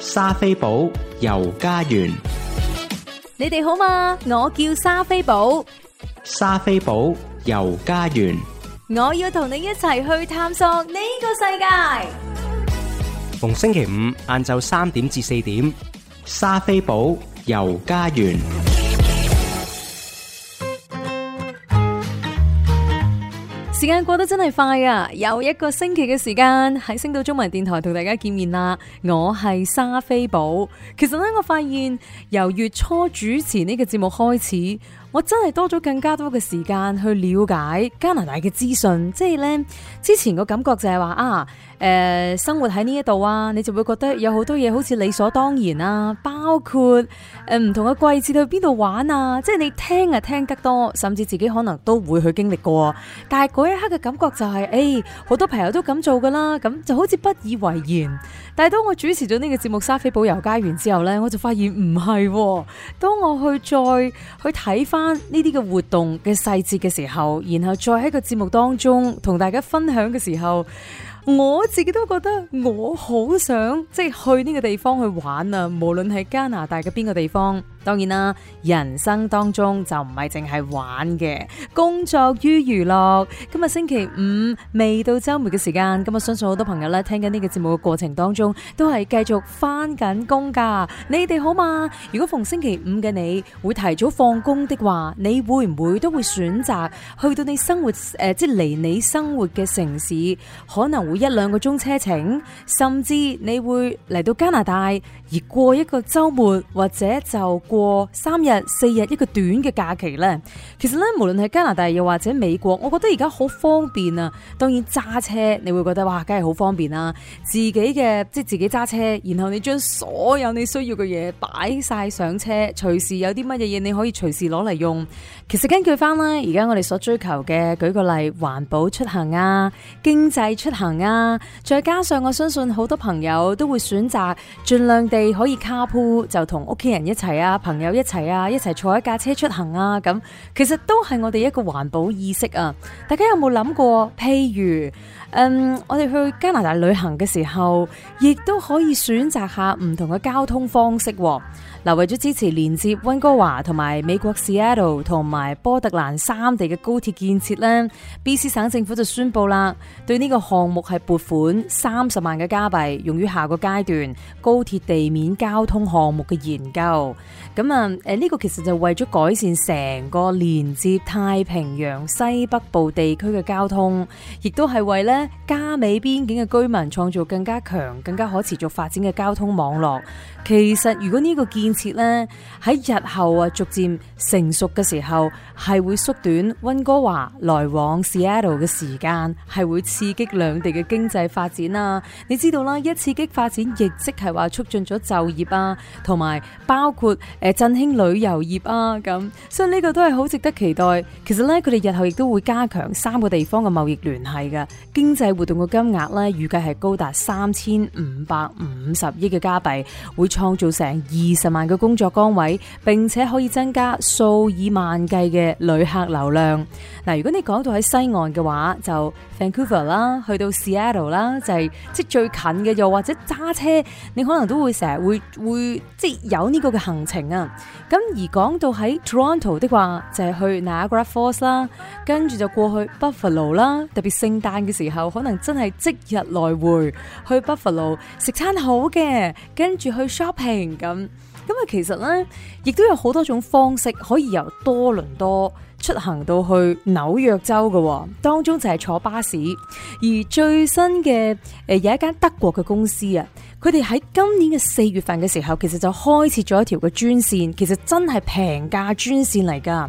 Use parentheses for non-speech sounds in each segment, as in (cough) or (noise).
莎菲寶遊加園，你哋好嘛？我叫莎菲寶。莎菲寶遊加園，我要同你一齊去探索呢個世界。逢星期五晏晝三點至四點，莎菲寶遊加園。時間過得真係快啊！又一個星期嘅時間喺星島中文電台同大家見面啦，我係莎菲寶。其實咧，我發現由月初主持呢個節目開始。我真係多咗更加多嘅時間去了解加拿大嘅資訊，即係咧之前個感覺就係、是、話啊，誒、呃，生活喺呢一度啊，你就會覺得有很多東西好多嘢好似理所當然啊，包括誒唔、呃、同嘅季節去邊度玩啊，即係你聽啊聽得多，甚至自己可能都會去經歷過，但係嗰一刻嘅感覺就係、是、誒，好、欸、多朋友都咁做噶啦，咁就好似不以為然。但係當我主持咗呢個節目莎菲寶遊加園之後咧，我就發現唔係、哦，當我去再去睇翻。呢啲嘅活動嘅細節嘅時候，然後再喺個節目當中同大家分享嘅時候，我自己都覺得我好想即係去呢個地方去玩啊，無論係加拿大嘅邊個地方。當然啦，人生當中就唔係淨係玩嘅，工作於娛樂。今日星期五，未到周末嘅時間。今日相信好多朋友咧，聽緊呢個節目嘅過程當中，都係繼續返緊工噶你哋好嗎？如果逢星期五嘅你，會提早放工的話，你會唔會都會選擇去到你生活誒、呃，即係離你生活嘅城市，可能會一兩個鐘車程，甚至你會嚟到加拿大而過一個周末，或者就。過、哦、三日四日一個短嘅假期呢，其實咧，無論係加拿大又或者美國，我覺得而家好方便啊。當然揸車你會覺得哇，梗係好方便啦，啊。自己嘅即係自己揸車，然後你將所有你需要嘅嘢擺晒上車，隨時有啲乜嘢嘢你可以隨時攞嚟用。其實根據翻咧，而家我哋所追求嘅，舉個例，環保出行啊，經濟出行啊，再加上我相信好多朋友都會選擇盡量地可以 carpool 就同屋企人一齊啊。朋友一齊啊，一齊坐一架車出行啊，咁其實都係我哋一個環保意識啊！大家有冇諗過？譬如，嗯，我哋去加拿大旅行嘅時候，亦都可以選擇下唔同嘅交通方式。嗱，為咗支持連接温哥華同埋美國 Seattle 同埋波特蘭三地嘅高鐵建設呢 BC 省政府就宣布啦，對呢個項目係撥款三十萬嘅加幣，用於下個階段高鐵地面交通項目嘅研究。咁啊，誒呢個其實就是為咗改善成個連接太平洋西北部地區嘅交通，亦都係為咧加美邊境嘅居民創造更加強、更加可持續發展嘅交通網絡。其實如果呢個建設切咧喺日後啊，逐漸成熟嘅時候，係會縮短溫哥華來往 Seattle 嘅時間，係會刺激兩地嘅經濟發展啊！你知道啦，一刺激發展，亦即係話促進咗就業啊，同埋包括誒、欸、振興旅遊業啊咁，所以呢個都係好值得期待。其實咧，佢哋日後亦都會加強三個地方嘅貿易聯繫嘅經濟活動嘅金額咧，預計係高達三千五百五十億嘅加幣，會創造成二十萬。嘅工作崗位，並且可以增加數以萬計嘅旅客流量。嗱，如果你講到喺西岸嘅話，就 Vancouver 啦，去到 Seattle 啦，就係即最近嘅又或者揸車，你可能都會成日會會即有呢個嘅行程啊。咁而講到喺 Toronto 的話，就係去 Niagara Falls 啦，跟住就過去 Buffalo 啦。特別聖誕嘅時候，可能真係即日來回去 Buffalo 食餐好嘅，跟住去 shopping 咁。咁啊，其實咧，亦都有好多種方式可以由多倫多出行到去紐約州嘅，當中就係坐巴士。而最新嘅誒，有一間德國嘅公司啊，佢哋喺今年嘅四月份嘅時候，其實就開設咗一條嘅專線，其實真係平價專線嚟噶。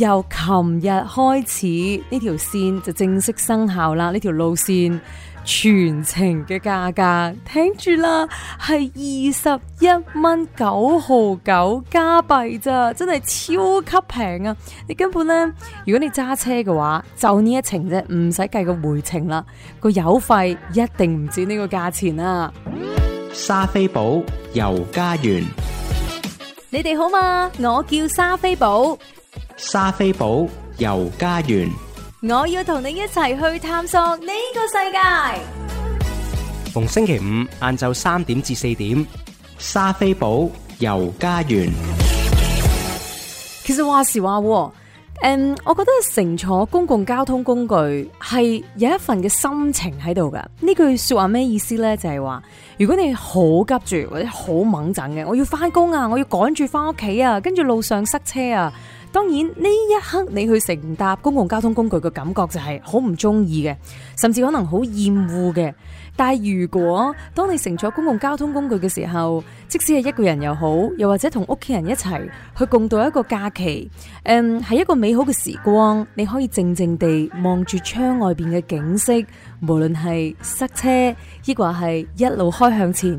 由琴日開始，呢條線就正式生效啦！呢條路線全程嘅價格聽住啦，係二十一蚊九毫九加幣咋，真係超級平啊！你根本呢，如果你揸車嘅話，就呢一程啫，唔使計個回程啦，個油費一定唔止呢個價錢啦。莎菲寶遊加園，你哋好嘛？我叫莎菲寶。莎菲寶遊加園，我要同你一齊去探索呢個世界。逢星期五晏晝三點至四點，莎菲寶遊加園。其實話時話，誒，我覺得乘坐公共交通工具係有一份嘅心情喺度噶。呢句話說話咩意思咧？就係、是、話如果你好急住或者好猛震嘅，我要翻工啊，我要趕住翻屋企啊，跟住路上塞車啊。當然，呢一刻你去乘搭公共交通工具嘅感覺就係好唔中意嘅，甚至可能好厭惡嘅。但係如果當你乘坐公共交通工具嘅時候，即使係一個人又好，又或者同屋企人一齊去共度一個假期，誒，係一個美好嘅時光，你可以靜靜地望住窗外邊嘅景色。無論係塞車，亦或係一路開向前，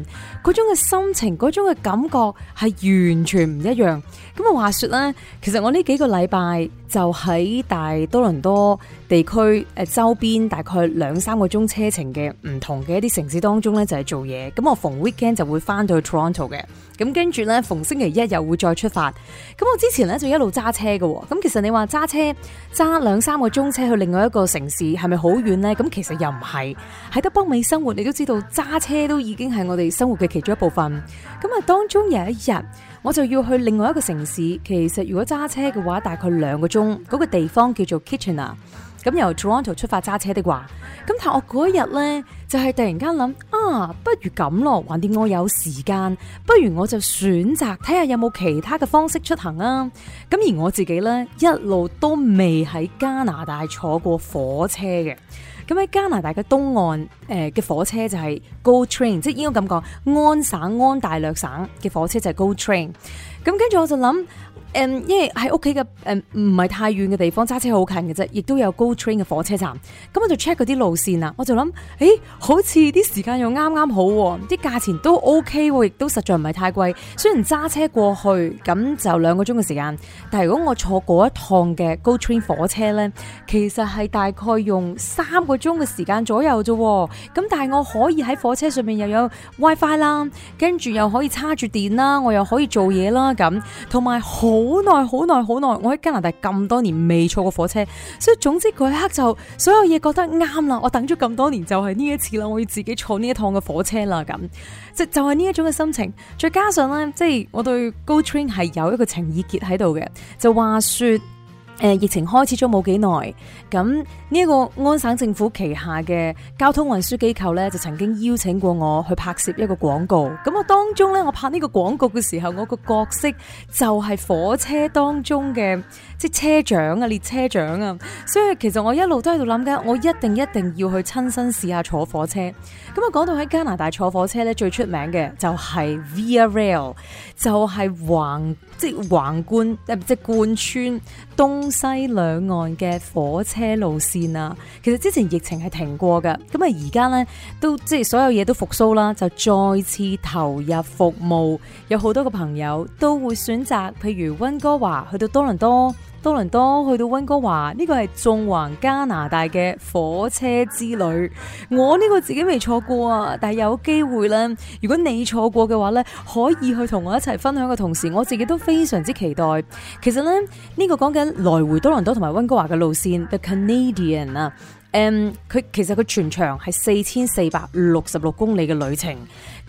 嗰種嘅心情，嗰種嘅感覺係完全唔一樣。咁啊，話說咧,其實我呢幾個禮拜就喺大多倫多地區誒周邊，大概兩三個鐘車程嘅唔同嘅一啲城市當中咧，就係做嘢。咁我逢 weekend 就會翻到去 Toronto 嘅。咁跟住咧，逢星期一又會再出發。咁我之前咧就一路揸車嘅。咁其實你話揸車揸兩三個鐘車去另外一個城市，係咪好遠呢？咁其實又唔係。喺北美生活，你都知道揸車都已經係我哋生活嘅其中一部分。咁啊，當中有一日我就要去另外一個城市。其實如果揸車嘅話，大概兩個鐘，嗰個地方叫做 Kitchener。咁由 Toronto 出發揸車的話，咁但我嗰一日咧就係、是、突然間諗啊，不如咁咯，橫掂我有時間，不如我就選擇睇下有冇其他嘅方式出行啊！咁而我自己咧一路都未喺加拿大坐過火車嘅。咁喺加拿大嘅東岸，誒、呃、嘅火車就係 Go Train，即係應該咁講安省安大略省嘅火車就係 Go Train。咁跟住我就諗。誒、嗯，因為喺屋企嘅誒唔係太遠嘅地方，揸車好近嘅啫，亦都有 Go Train 嘅火車站。咁我就 check 嗰啲路線啊，我就諗，誒、欸，好似啲時間又啱啱好，啲價錢都 OK 喎，亦都實在唔係太貴。雖然揸車過去咁就兩個鐘嘅時，時間，但係如果我坐過一趟嘅 Go Train 火車呢，其實係大概用三個鐘嘅時間左右啫。咁但係我可以喺火車上面又有 WiFi 啦，跟住又可以插住電啦，我又可以做嘢啦，咁同埋好。好耐好耐好耐，我喺加拿大咁多年未坐過火車，所以總之嗰一刻就所有嘢覺得啱啦，我等咗咁多年就係呢一次啦，我要自己坐呢一趟嘅火車啦，咁即就係呢一種嘅心情，再加上咧即係我對 GO Train 係有一個情意結喺度嘅，就話說。誒，疫情開始咗冇幾耐，咁、這、呢個安省政府旗下嘅交通運輸機構呢，就曾經邀請過我去拍攝一個廣告。咁我當中呢，我拍呢個廣告嘅時候，我個角色就係火車當中嘅即係車長啊、列車長啊。所以其實我一路都喺度諗緊，我一定一定要去親身試下坐火車。咁啊，講到喺加拿大坐火車呢，最出名嘅就係 Via Rail，就係橫即係橫貫即貫穿東。西兩岸嘅火車路線啊，其實之前疫情係停過㗎，咁啊而家呢，都即係所有嘢都復甦啦，就再次投入服務。有好多個朋友都會選擇，譬如溫哥華去到多倫多。多倫多去到溫哥華呢個係縱橫加拿大嘅火車之旅，我呢個自己未坐過啊，但係有機會啦。如果你坐過嘅話咧，可以去同我一齊分享嘅同時，我自己都非常之期待。其實咧呢、呢個講緊來回多倫多同埋溫哥華嘅路線 The Canadian 啊、嗯，佢其實佢全長係四千四百六十六公里嘅旅程。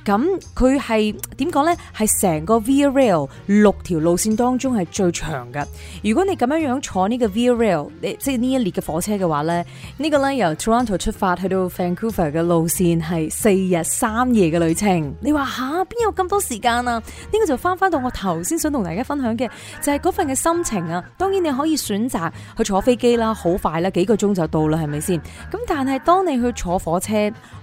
咁佢係點講咧？係成個 Via Rail 六條路線當中係最長嘅。如果你咁樣樣坐呢個 Via Rail，即係呢一列嘅火車嘅話咧，這個、呢個咧由 Toronto 出發去到 Vancouver 嘅路線係四日三夜嘅旅程。你話吓邊有咁多時間啊？呢、這個就翻翻到我頭先想同大家分享嘅，就係、是、嗰份嘅心情啊。當然你可以選擇去坐飛機啦，好快啦，幾個鐘就到啦，係咪先？咁但係當你去坐火車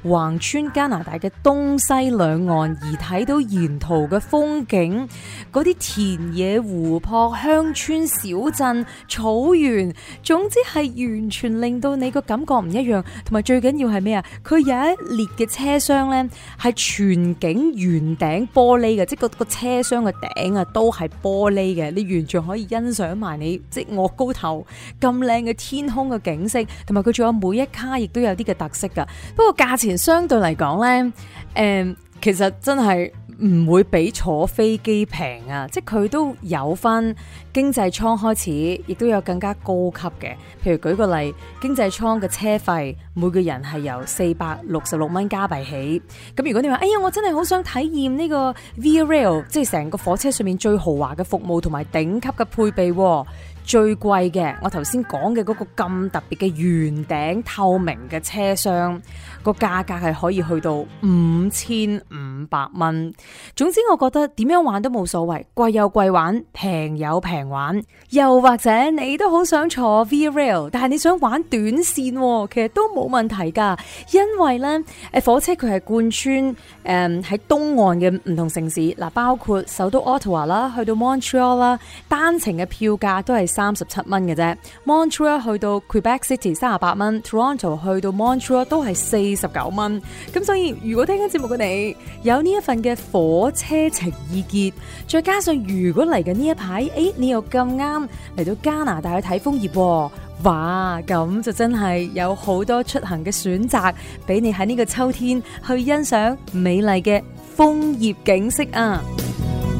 橫穿加拿大嘅東西兩兩岸而睇到沿途嘅風景，嗰啲田野、湖泊、鄉村、小鎮、草原，總之係完全令到你個感覺唔一樣。同埋最緊要係咩啊？佢有一列嘅車廂咧，係全景圓頂玻璃嘅，即係個車廂嘅頂啊都係玻璃嘅，你完全可以欣賞埋你即我高頭咁靚嘅天空嘅景色。同埋佢仲有每一卡亦都有啲嘅特色噶。不過價錢相對嚟講咧，誒、嗯。其實真係唔會比坐飛機平啊！即係佢都有翻經濟艙開始，亦都有更加高級嘅。譬如舉個例，經濟艙嘅車費每個人係由四百六十六蚊加幣起。咁如果你話：哎呀，我真係好想體驗呢個 V Rail，即係成個火車上面最豪華嘅服務同埋頂級嘅配備，最貴嘅。我頭先講嘅嗰個咁特別嘅圓頂透明嘅車廂。個價格係可以去到五千五百蚊。總之我覺得點樣玩都冇所謂，貴有貴玩，平有平玩。又或者你都好想坐 V Rail，但係你想玩短線，其實都冇問題㗎。因為咧，誒火車佢係貫穿誒喺、嗯、東岸嘅唔同城市，嗱包括首都 Ottawa 啦，去到 Montreal 啦，單程嘅票價都係三十七蚊嘅啫。Montreal 去到 Quebec City 三十八蚊，Toronto 去到 Montreal 都係四。四十九蚊，咁所以如果聽緊節目嘅你有呢一份嘅火車情意結，再加上如果嚟緊呢一排，誒、欸、你又咁啱嚟到加拿大去睇楓葉，哇！咁就真係有好多出行嘅選擇，俾你喺呢個秋天去欣賞美麗嘅楓葉景色啊！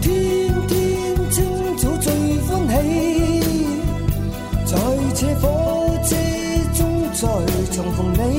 天天清早最歡喜，在這火車中再重逢你。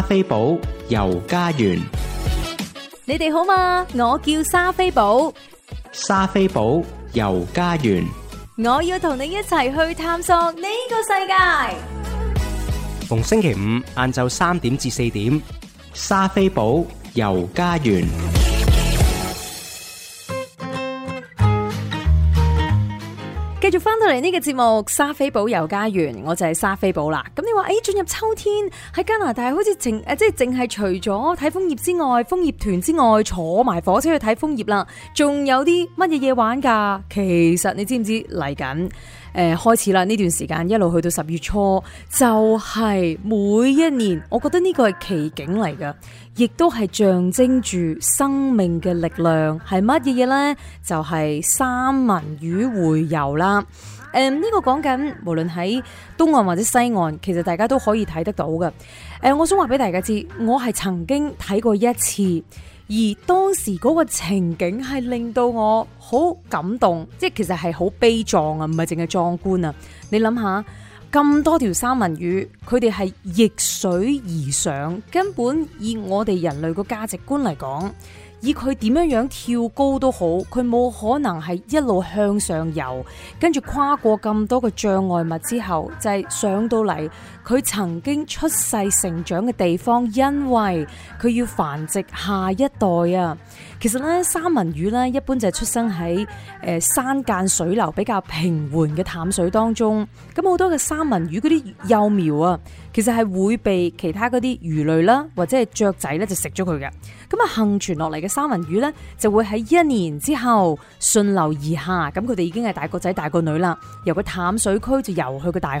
莎菲寶遊加園，你哋好嘛？我叫莎菲寶，莎菲寶遊加園，我要同你一齊去探索呢個世界。逢星期五晏晝三點至四點，莎菲寶遊加園。繼續翻到嚟呢個節目《莎菲寶遊加園》，我就係莎菲寶啦。咁你話，誒、欸，進入秋天喺加拿大好，好似淨誒，即係淨係除咗睇楓葉之外，楓葉團之外，坐埋火車去睇楓葉啦。仲有啲乜嘢嘢玩噶？其實你知唔知嚟緊誒開始啦？呢段時間一路去到十月初，就係、是、每一年，我覺得呢個係奇景嚟噶。亦都係象徵住生命嘅力量，係乜嘢嘢咧？就係三文魚回游啦。誒，呢個講緊無論喺東岸或者西岸，其實大家都可以睇得到嘅。誒，我想話俾大家知，我係曾經睇過一次，而當時嗰個情景係令到我好感動，即係其實係好悲壯啊，唔係淨係壯觀啊。你諗下。咁多條三文魚，佢哋係逆水而上，根本以我哋人類嘅價值觀嚟講，以佢點樣樣跳高都好，佢冇可能係一路向上游，跟住跨過咁多嘅障礙物之後，就係、是、上到嚟佢曾經出世成長嘅地方，因為佢要繁殖下一代啊。其實咧，三文魚咧，一般就係出生喺誒、呃、山澗水流比較平緩嘅淡水當中。咁好多嘅三文魚嗰啲幼苗啊，其實係會被其他嗰啲魚類啦，或者係雀仔咧就食咗佢嘅。咁啊幸存落嚟嘅三文魚咧，就會喺一年之後順流而下。咁佢哋已經係大個仔大個女啦，由個淡水區就游去個大海。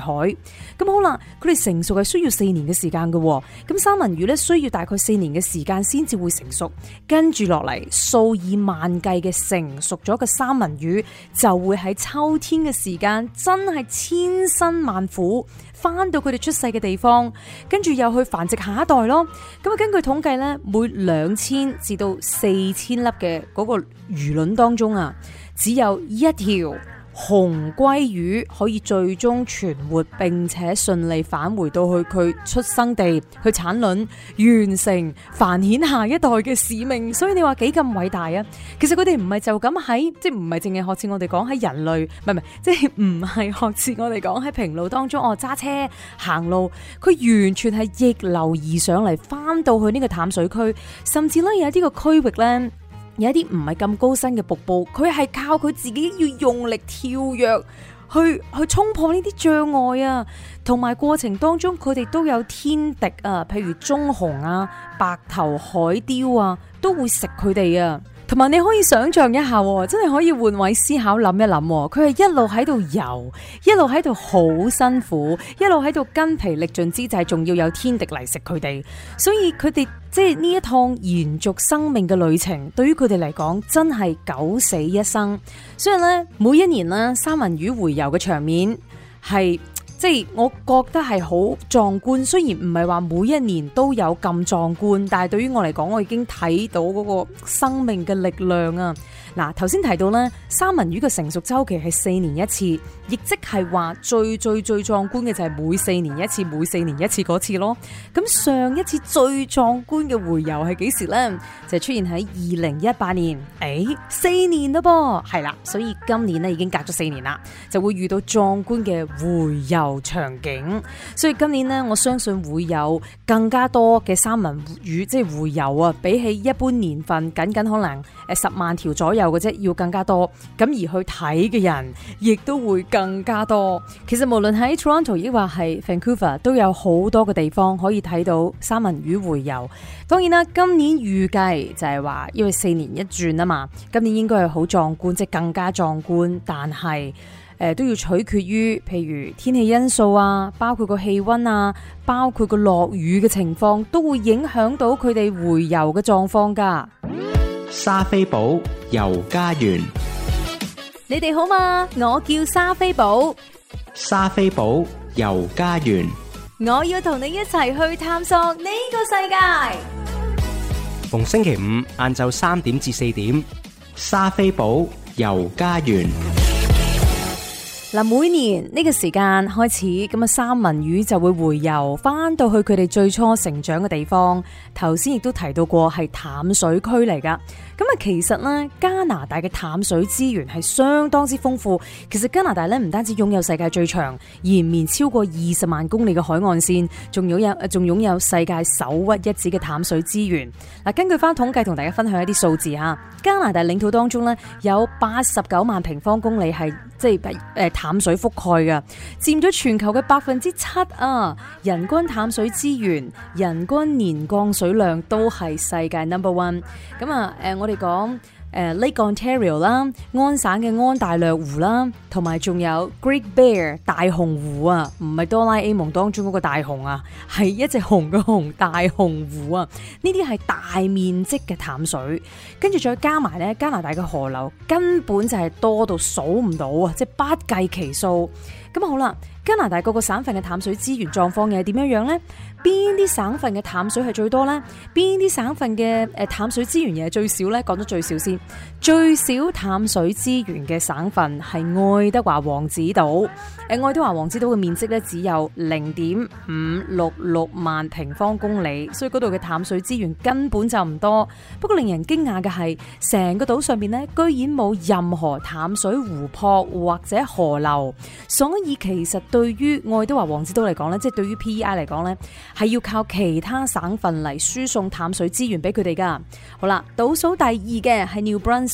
咁好啦，佢哋成熟係需要四年嘅時間㗎。咁三文魚咧需要大概四年嘅時間先至會成熟。跟住落嚟。數以萬計嘅成熟咗嘅三文魚，就會喺秋天嘅時間，真係千辛萬苦翻到佢哋出世嘅地方，跟住又去繁殖下一代咯。咁啊，根據統計咧，每兩千至到四千粒嘅嗰個魚卵當中啊，只有一條。紅鮭魚可以最終存活，並且順利返回到去佢出生地去產卵，完成繁衍下一代嘅使命。所以你話幾咁偉大啊？其實佢哋唔係就咁喺，即係唔係淨係學似我哋講喺人類，唔係唔係，即係唔係學似我哋講喺平路當中哦揸車行路，佢完全係逆流而上嚟，翻到去呢個淡水區，甚至咧有啲個區域呢。有一啲唔係咁高身嘅瀑布，佢係靠佢自己要用力跳躍去去衝破呢啲障礙啊！同埋過程當中，佢哋都有天敵啊，譬如棕熊啊、白頭海雕啊，都會食佢哋啊。同埋你可以想象一下，真係可以換位思考諗一諗，佢係一路喺度游，一路喺度好辛苦，一路喺度筋疲力盡之際，仲要有天敵嚟食佢哋，所以佢哋即係呢一趟延續生命嘅旅程，對於佢哋嚟講真係九死一生。所以咧，每一年啦，三文魚洄游嘅場面係。即係，我覺得係好壯觀。雖然唔係話每一年都有咁壯觀，但係對於我嚟講，我已經睇到嗰個生命嘅力量啊！嗱，頭先提到咧，三文魚嘅成熟周期係四年一次，亦即係話最最最壯觀嘅就係每四年一次，每四年一次嗰次咯。咁上一次最壯觀嘅回游係幾時咧？就係、出現喺二零一八年。誒、欸、四年嘞噃，係啦，所以今年咧已經隔咗四年啦，就會遇到壯觀嘅回游場景。所以今年咧，我相信會有更加多嘅三文魚即係回游啊。比起一般年份，僅僅可能誒十萬條左右。有嘅啫，要更加多，咁而去睇嘅人亦都會更加多。其實無論喺 Toronto 亦或係 Vancouver，都有好多嘅地方可以睇到三文魚回游。當然啦，今年預計就係話，因為四年一轉啊嘛，今年應該係好壯觀，即係更加壯觀。但係誒、呃、都要取決於，譬如天氣因素啊，包括個氣溫啊，包括個落雨嘅情況，都會影響到佢哋回游嘅狀況㗎。莎菲寶遊加園，你哋好嘛？我叫莎菲寶，莎菲寶遊加園，我要同你一齊去探索呢個世界。逢星期五晏晝三點至四點，莎菲寶遊加園。每年這個時間開始，咁啊三文魚就會回游返到去佢哋最初成長的地方。頭先亦都提到過，係淡水區嚟㗎。咁啊，其實咧，加拿大嘅淡水資源係相當之豐富。其實加拿大咧，唔單止擁有世界最長、延綿超過二十萬公里嘅海岸線，仲有有，仲擁有世界首屈一指嘅淡水資源。嗱，根據翻統計，同大家分享一啲數字吓，加拿大領土當中咧，有八十九萬平方公里係即係誒淡水覆蓋嘅，佔咗全球嘅百分之七啊。人均淡水資源、人均年降水量都係世界 number one。咁、呃、啊，誒我。我哋講誒 Lake Ontario 啦，安省嘅安大略湖啦，同埋仲有 Great Bear 大熊湖啊，唔係哆啦 A 夢當中嗰個大熊啊，係一隻熊嘅熊大熊湖啊。呢啲係大面積嘅淡水，跟住再加埋咧加拿大嘅河流，根本就係多到數唔到啊，即係不計其數。咁好啦，加拿大各個省份嘅淡水資源狀況又係點樣樣呢？邊啲省份嘅淡水係最多呢？邊啲省份嘅誒淡水資源又係最少呢？講得最少先。最少淡水資源嘅省份係愛德華王子島。誒，愛德華王子島嘅面積咧只有零點五六六萬平方公里，所以嗰度嘅淡水資源根本就唔多。不過令人驚訝嘅係，成個島上面居然冇任何淡水湖泊或者河流，所以其實對於愛德華王子島嚟講咧，即係對於 PEI 嚟講咧，係要靠其他省份嚟輸送淡水資源俾佢哋噶。好啦，倒數第二嘅係 New Brunswick。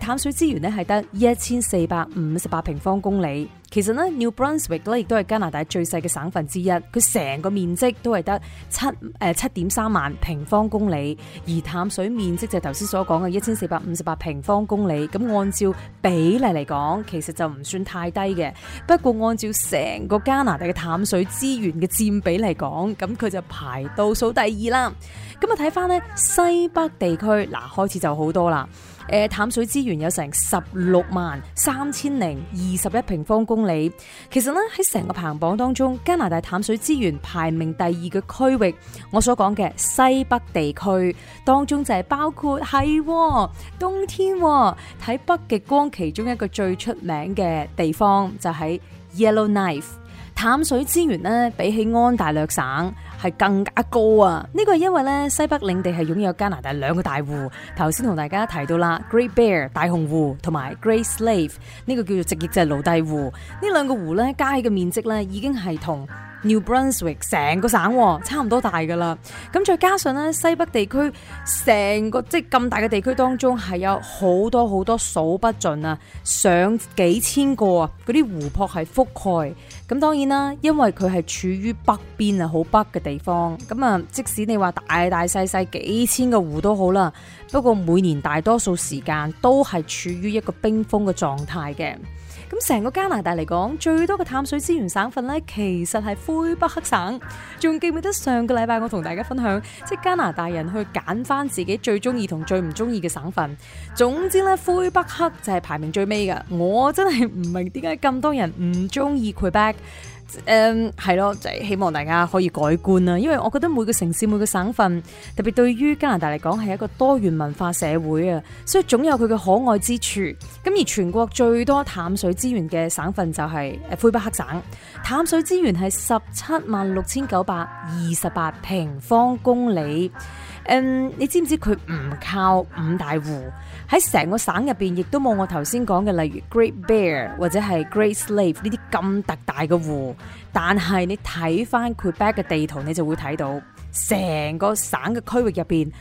淡水資源咧，係得一千四百五十八平方公里，其實呢 New Brunswick 咧亦都係加拿大最細嘅省份之一，佢成個面積都係得七誒七點三萬平方公里，而淡水面積就係頭先所講嘅一千四百五十八平方公里，咁按照比例嚟講，其實就唔算太低嘅。不過按照成個加拿大嘅淡水資源嘅佔比嚟講，咁佢就排倒數第二啦。咁啊睇翻，呢西北地區，嗱開始就好多啦。誒淡水資源有成十六萬三千零二十一平方公里。其實咧喺成個排行榜當中，加拿大淡水資源排名第二嘅區域，我所講嘅西北地區當中就係包括係、哦、冬天喺、哦、北極光其中一個最出名嘅地方，就係、是、Yellowknife。淡水資源呢，比起安大略省係更加高啊！呢個係因為咧，西北領地係擁有加拿大兩個大湖，頭先同大家提到啦，Great Bear 大熊湖同埋 Great Slave 呢個叫做直接就係奴隸湖，呢兩個湖咧加起嘅面積咧已經係同 New Brunswick 成個省差唔多大噶啦，咁再加上咧西北地區成個即係咁大嘅地區當中，係有好多好多數不盡啊，上幾千個啊，嗰啲湖泊係覆蓋。咁當然啦，因為佢係處於北邊啊，好北嘅地方。咁啊，即使你話大大細細幾千個湖都好啦，不過每年大多數時間都係處於一個冰封嘅狀態嘅。咁成個加拿大嚟講，最多嘅淡水資源省份咧，其實係魁北克省。仲記唔記得上個禮拜我同大家分享，即係加拿大人去揀返自己最中意同最唔中意嘅省份？總之咧，魁北克就係排名最尾㗎。我真係唔明點解咁多人唔中意魁北克。誒、嗯，係咯，就是，希望大家可以改觀啦。因為我覺得每個城市，每個省份，特別對於加拿大嚟講，係一個多元文化社會啊，所以總有佢嘅可愛之處。咁而全國最多淡水資源嘅省份就係誒魁北克省，淡水資源係十七萬六千九百二十八平方公里。嗯，你知唔知佢唔靠五大湖？喺成個省入面亦都冇我頭先講嘅，例如 Great Bear 或者係 Great Slave 呢啲咁特大嘅湖。但係你睇翻 Quebec 嘅地圖，你就會睇到成個省嘅區域入面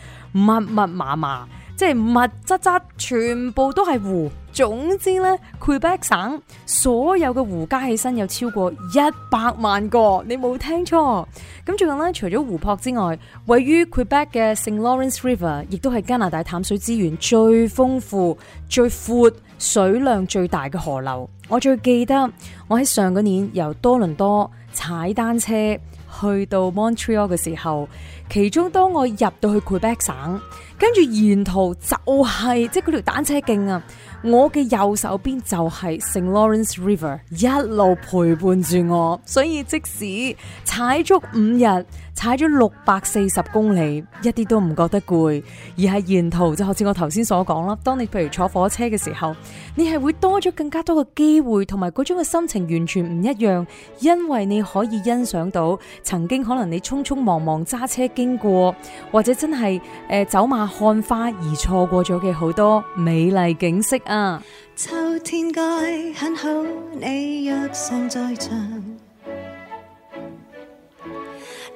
密密麻麻，什麼什麼什麼即係密質質，全部都係湖。總之咧 (music) ，Quebec 省所有嘅湖加起身有超過一百萬個，你冇聽錯。咁最近咧，除咗湖泊之外，位於 Quebec 嘅 Saint Lawrence River 亦都係加拿大淡水資源最豐富、最闊、水量最大嘅河流。我最記得我喺上個年由多倫多踩單車。去到 Montreal 嘅時候，其中當我入到去 Quebec 省，跟住沿途就係即係嗰條單車徑啊，我嘅右手邊就係 Saint Lawrence River 一路陪伴住我，所以即使踩足五日。踩咗六百四十公里，一啲都唔覺得攰，而係沿途就好似我頭先所講啦。當你譬如坐火車嘅時候，你係會多咗更加多嘅機會，同埋嗰種嘅心情完全唔一樣，因為你可以欣賞到曾經可能你匆匆忙忙揸車經過，或者真係誒、呃、走馬看花而錯過咗嘅好多美麗景色啊！秋天該很好，你若尚在場。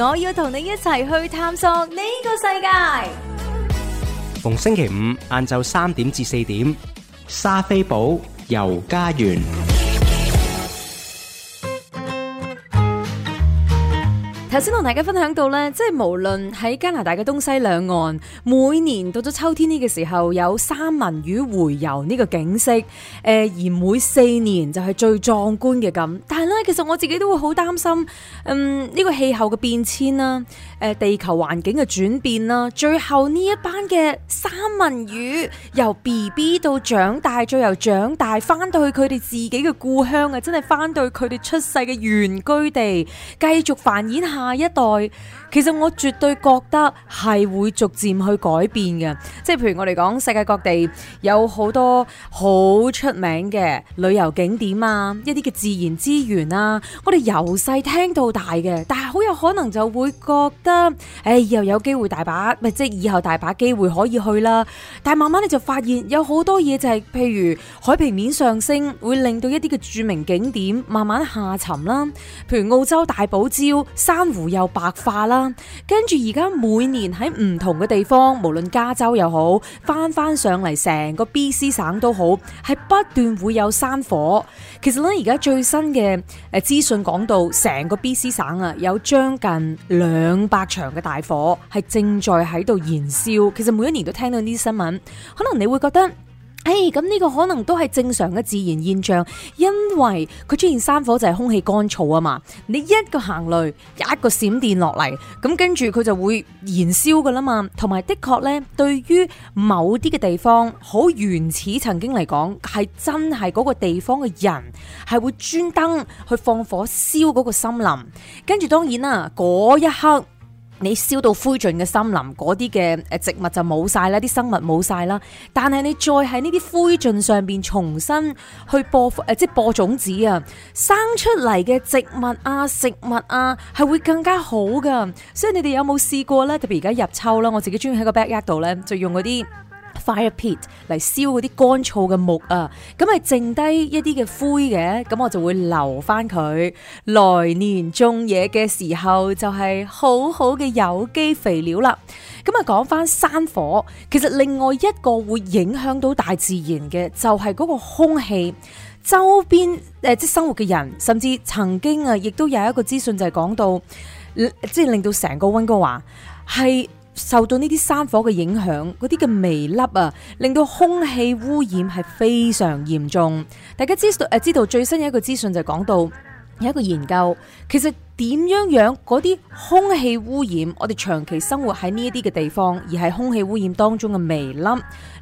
我要同你一齊去探索呢個世界。逢星期五晏晝三點至四點，莎菲寶遊加園。頭先同大家分享到呢，即係無論喺加拿大嘅東西兩岸，每年到咗秋天呢個時候，有三文魚回游呢個景色，誒，而每四年就係最壯觀嘅咁。但係咧，其實我自己都會好擔心，嗯，呢個氣候嘅變遷啦，誒地球環境嘅轉變啦，最後呢一班嘅三文魚由 B B 到長大，再由長大翻到去佢哋自己嘅故鄉啊，真係翻到佢哋出世嘅原居地，繼續繁衍下。下一代，其實我絕對覺得係會逐漸去改變嘅，即係譬如我哋講世界各地有好多好出名嘅旅遊景點啊，一啲嘅自然資源啊，我哋由細聽到大嘅，但係好有可能就會覺得，誒、欸，以後有機會大把，咪即係以後大把機會可以去啦。但係慢慢你就發現有好多嘢就係、是，譬如海平面上升會令到一啲嘅著名景點慢慢下沉啦，譬如澳洲大堡礁、三湖又白化啦，跟住而家每年喺唔同嘅地方，無論加州又好，返返上嚟成個 BC 省都好，係不斷會有山火。其實咧，而家最新嘅誒資訊講到，成個 BC 省啊有將近兩百場嘅大火係正在喺度燃燒。其實每一年都聽到呢啲新聞，可能你會覺得。誒、哎，咁呢個可能都係正常嘅自然現象，因為佢出現山火就係空氣乾燥啊嘛，你一個行雷，一個閃電落嚟，咁跟住佢就會燃燒噶啦嘛，同埋的確呢，對於某啲嘅地方，好原始曾經嚟講，係真係嗰個地方嘅人係會專登去放火燒嗰個森林，跟住當然啦，嗰一刻。你燒到灰燼嘅森林，嗰啲嘅誒植物就冇晒啦，啲生物冇晒啦。但係你再喺呢啲灰燼上邊重新去播誒，即係播種子啊，生出嚟嘅植物啊、食物啊，係會更加好㗎。所以你哋有冇試過咧？特別而家入秋啦，我自己中意喺個 backyard 度咧，就用嗰啲。Fire pit 嚟燒嗰啲乾燥嘅木啊，咁係剩低一啲嘅灰嘅，咁我就會留翻佢，來年種嘢嘅時候就係、是、好好嘅有機肥料啦。咁啊，講翻山火，其實另外一個會影響到大自然嘅，就係、是、嗰個空氣周邊誒、呃，即生活嘅人，甚至曾經啊，亦、呃、都有一個資訊就係講到，即係令到成個溫哥華係受到呢啲山火嘅影響，嗰啲嘅微粒啊，令到空氣污染係非常嚴重。大家知道誒、啊，知道最新有一個資訊就講到有一個研究，其實點樣樣嗰啲空氣污染，我哋長期生活喺呢一啲嘅地方，而係空氣污染當中嘅微粒，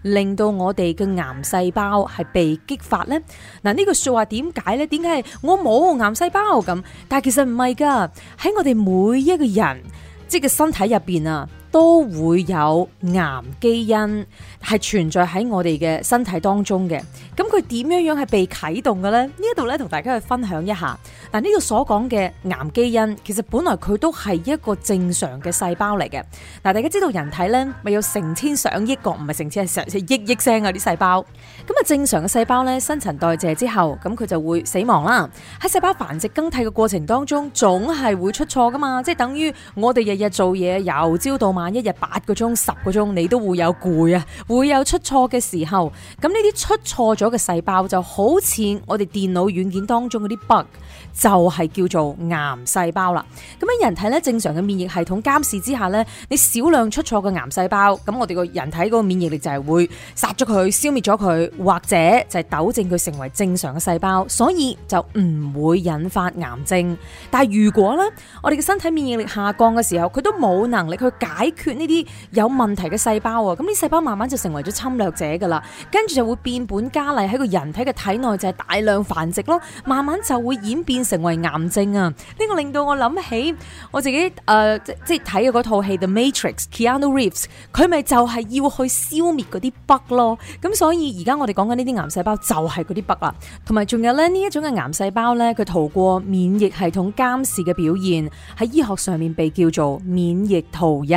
令到我哋嘅癌細胞係被激發呢？嗱、啊、呢、這個說話點解呢？點解係我冇癌細胞咁？但係其實唔係噶，喺我哋每一個人即係身體入邊啊。都會有癌基因係存在喺我哋嘅身體當中嘅，咁佢點樣樣係被啟動嘅呢？這裏呢一度咧同大家去分享一下。嗱，呢度所講嘅癌基因其實本來佢都係一個正常嘅細胞嚟嘅。嗱，大家知道人體咧咪有成千上億個，唔係成千係成億億聲啊啲細胞。咁啊，正常嘅細胞咧新陳代謝之後，咁佢就會死亡啦。喺細胞繁殖更替嘅過程當中，總係會出錯㗎嘛。即係等於我哋日日做嘢由朝到晚，一日八個鐘、十個鐘，你都會有攰啊，會有出錯嘅時候。咁呢啲出錯咗嘅細胞就好似我哋電腦軟件當中嗰啲 bug。就係叫做癌細胞啦。咁喺人體咧，正常嘅免疫系統監視之下呢，你少量出錯嘅癌細胞，咁我哋個人體嗰個免疫力就係會殺咗佢，消滅咗佢，或者就係糾正佢成為正常嘅細胞，所以就唔會引發癌症。但係如果呢，我哋嘅身體免疫力下降嘅時候，佢都冇能力去解決呢啲有問題嘅細胞啊，咁啲細胞慢慢就成為咗侵略者噶啦，跟住就會變本加厲喺個人體嘅體內就係大量繁殖咯，慢慢就會演變。成為癌症啊！呢、這個令到我諗起我自己誒、呃，即即睇嘅嗰套戲《The Matrix》，Keanu Reeves 佢咪就係要去消滅嗰啲 bug 咯。咁所以而家我哋講緊呢啲癌細胞就係嗰啲 bug 啦。同埋仲有咧，呢這一種嘅癌細胞咧，佢逃過免疫系統監視嘅表現，喺醫學上面被叫做免疫逃逸。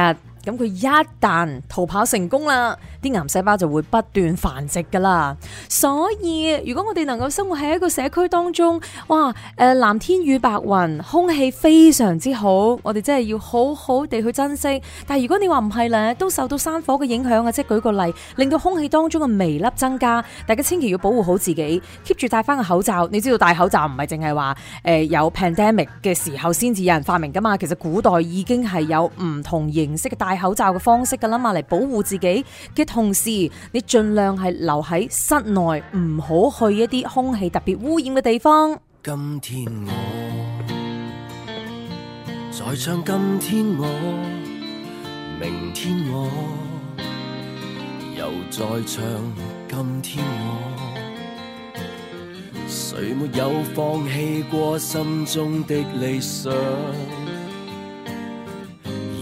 咁佢一旦逃跑成功啦，啲癌細胞就會不斷繁殖噶啦。所以如果我哋能夠生活喺一個社區當中，哇，誒、呃、藍天與白雲，空氣非常之好，我哋真係要好好地去珍惜。但係如果你話唔係咧，都受到山火嘅影響啊！即係舉個例，令到空氣當中嘅微粒增加，大家千祈要保護好自己，keep 住戴翻個口罩。你知道戴口罩唔係淨係話誒有 pandemic 嘅時候先至有人發明噶嘛？其實古代已經係有唔同形式嘅戴口罩。口罩嘅方式噶啦嘛，嚟保護自己嘅同時，你盡量係留喺室內，唔好去一啲空氣特別污染嘅地方。今天我，再唱今天我，明天我，又再唱今天我，誰沒有放棄過心中的理想？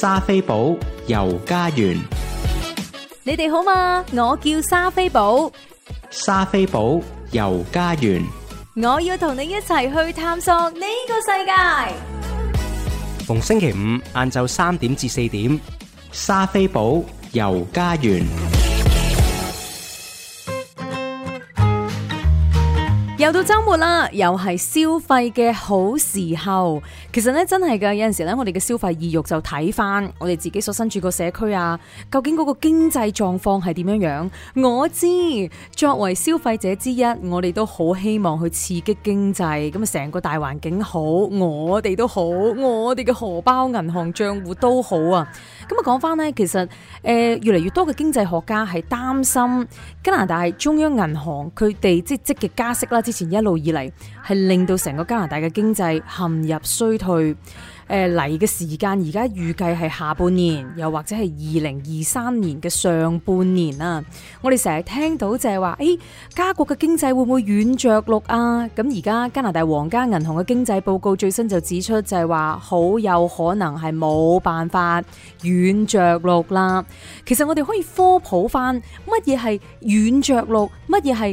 莎菲寶遊加園，你哋好嘛？我叫莎菲寶。莎菲寶遊加園，我要同你一齊去探索呢個世界。逢星期五晏晝三點至四點，莎菲寶遊加園。又到周末啦，又係消費嘅好時候。其實咧，真係噶有陣時咧，我哋嘅消費意欲就睇翻我哋自己所身處個社區啊，究竟嗰個經濟狀況係點樣樣？我知作為消費者之一，我哋都好希望去刺激經濟，咁啊，成個大環境好，我哋都好，我哋嘅荷包、銀行賬戶都好啊。咁啊，講翻咧，其實誒、呃，越嚟越多嘅經濟學家係擔心加拿大中央銀行佢哋即積極加息啦，前一路以嚟，係令到成個加拿大嘅經濟陷入衰退。誒嚟嘅時間而家預計係下半年，又或者係二零二三年嘅上半年啦。我哋成日聽到就係話，咦、哎，加國嘅經濟會唔會軟著陸啊？咁而家加拿大皇家銀行嘅經濟報告最新就指出就，就係話好有可能係冇辦法軟著陸啦。其實我哋可以科普翻乜嘢係軟著陸，乜嘢係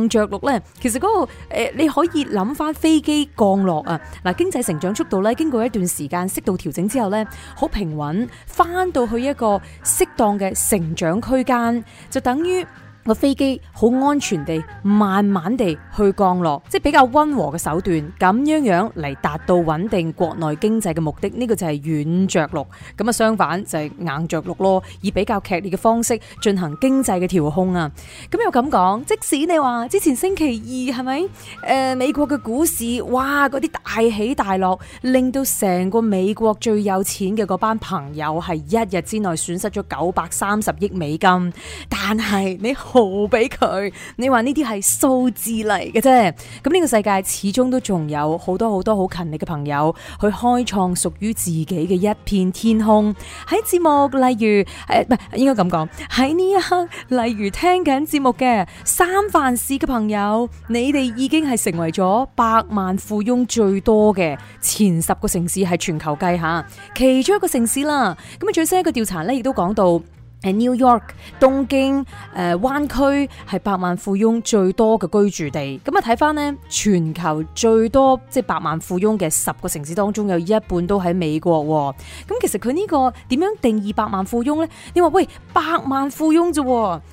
硬著陸呢？其實嗰、那個、哎、你可以諗翻飛機降落啊。嗱，經濟成長速度咧，經過一段時間適度調整之後呢，好平穩，返到去一個適當嘅成長區間，就等於。個飛機好安全地慢慢地去降落，即係比較溫和嘅手段，咁樣樣嚟達到穩定國內經濟嘅目的。呢、這個就係軟着陸，咁啊相反就係硬着陸咯，以比較劇烈嘅方式進行經濟嘅調控啊。咁又咁講，即使你話之前星期二係咪？誒、呃，美國嘅股市哇，嗰啲大起大落令到成個美國最有錢嘅嗰班朋友係一日之內損失咗九百三十億美金，但係你無俾佢，你話呢啲係數字嚟嘅啫。咁、這、呢個世界始終都仲有好多好多好勤力嘅朋友去開創屬於自己嘅一片天空。喺節目，例如誒，唔、呃、係應該咁講。喺呢一刻，例如聽緊節目嘅三藩市嘅朋友，你哋已經係成為咗百萬富翁最多嘅前十個城市係全球計下，其中一個城市啦。咁啊，最新一個調查呢，亦都講到。In、New York、東京、誒、呃、灣區係百萬富翁最多嘅居住地。咁啊睇翻咧，全球最多即係、就是、百萬富翁嘅十個城市當中，有一半都喺美國，咁其實佢呢個點樣定義百萬富翁咧？你話喂，百萬富翁啫，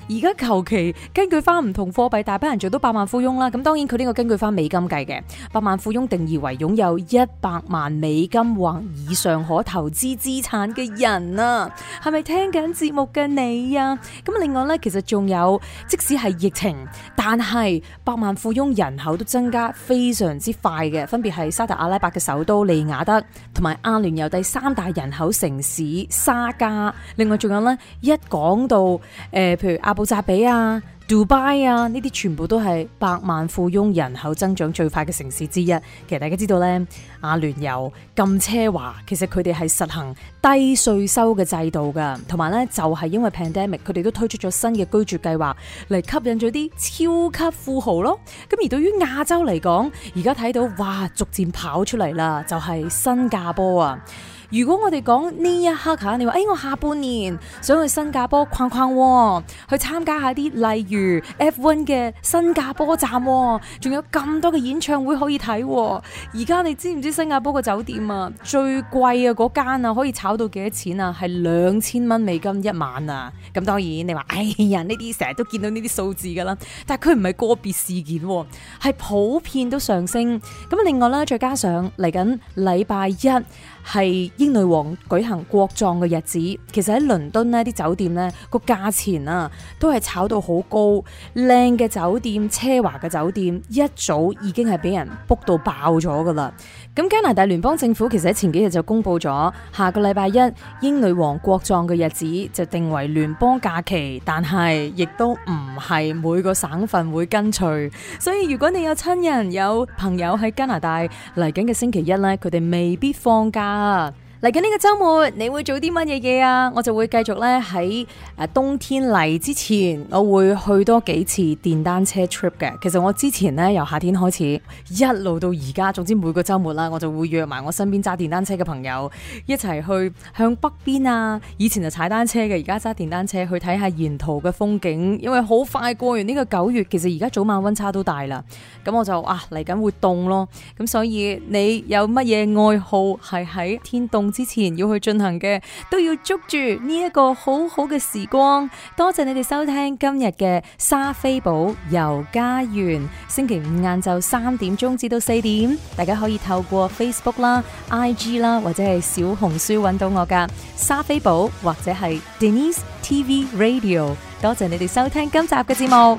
而家求其根據翻唔同貨幣大把人做到百萬富翁啦。咁當然佢呢個根據翻美金計嘅，百萬富翁定義為擁有一百萬美金或以上可投資資產嘅人啊。係咪聽緊節目？嘅你啊，咁另外咧，其實仲有，即使係疫情，但係百萬富翁人口都增加非常之快嘅，分別係沙特阿拉伯嘅首都利雅得，同埋阿聯酋第三大人口城市沙迦。另外仲有咧，一講到誒，譬如阿布扎比啊。Dubai 啊，呢啲全部都係百萬富翁人口增長最快嘅城市之一。其實大家知道咧，阿聯酋咁奢華，其實佢哋係實行低稅收嘅制度㗎，同埋咧就係因為 pandemic，佢哋都推出咗新嘅居住計劃嚟吸引咗啲超級富豪咯。咁而對於亞洲嚟講，而家睇到，哇，逐漸跑出嚟啦，就係新加坡啊！如果我哋講呢一刻，你話誒、哎，我下半年想去新加坡逛逛、喎，去參加下啲例如 F1 嘅新加坡站、喎，仲有咁多嘅演唱會可以睇、喎。而家你知唔知新加坡個酒店啊最貴啊嗰間啊可以炒到幾多錢啊？係兩千蚊美金一晚啊！咁當然你話哎呀，呢啲成日都見到呢啲數字噶啦，但係佢唔係個別事件、喎，係普遍都上升。咁另外啦，再加上嚟緊禮拜一。係英女王舉行國葬嘅日子，其實喺倫敦呢啲酒店呢，個價錢啊，都係炒到好高，靚嘅酒店、奢華嘅酒店，一早已經係俾人 book 到爆咗噶啦。咁加拿大聯邦政府其實喺前幾日就公布咗，下個禮拜一英女王國葬嘅日子就定為聯邦假期，但係亦都唔係每個省份會跟隨，所以如果你有親人有朋友喺加拿大嚟緊嘅星期一呢，佢哋未必放假啊。嚟緊呢個周末你會做啲乜嘢嘢啊？我就會繼續咧喺誒冬天嚟之前，我會去多幾次電單車 trip 嘅。其實我之前咧由夏天開始一路到而家，總之每個周末啦，我就會約埋我身邊揸電單車嘅朋友一齊去向北邊啊。以前就踩單車嘅，而家揸電單車去睇下沿途嘅風景。因為好快過完呢個九月，其實而家早晚温差都大啦。咁我就啊嚟緊會凍咯。咁所以你有乜嘢愛好係喺天凍？之前要去進行嘅，都要捉住呢一個好好嘅時光。多謝你哋收聽今日嘅莎菲寶遊加園。星期五晏晝三點鐘至到四點，大家可以透過 Facebook 啦、IG 啦或者係小紅書揾到我㗎莎菲寶或者係 Denise TV Radio。多謝你哋收聽今集嘅節目。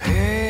Hey,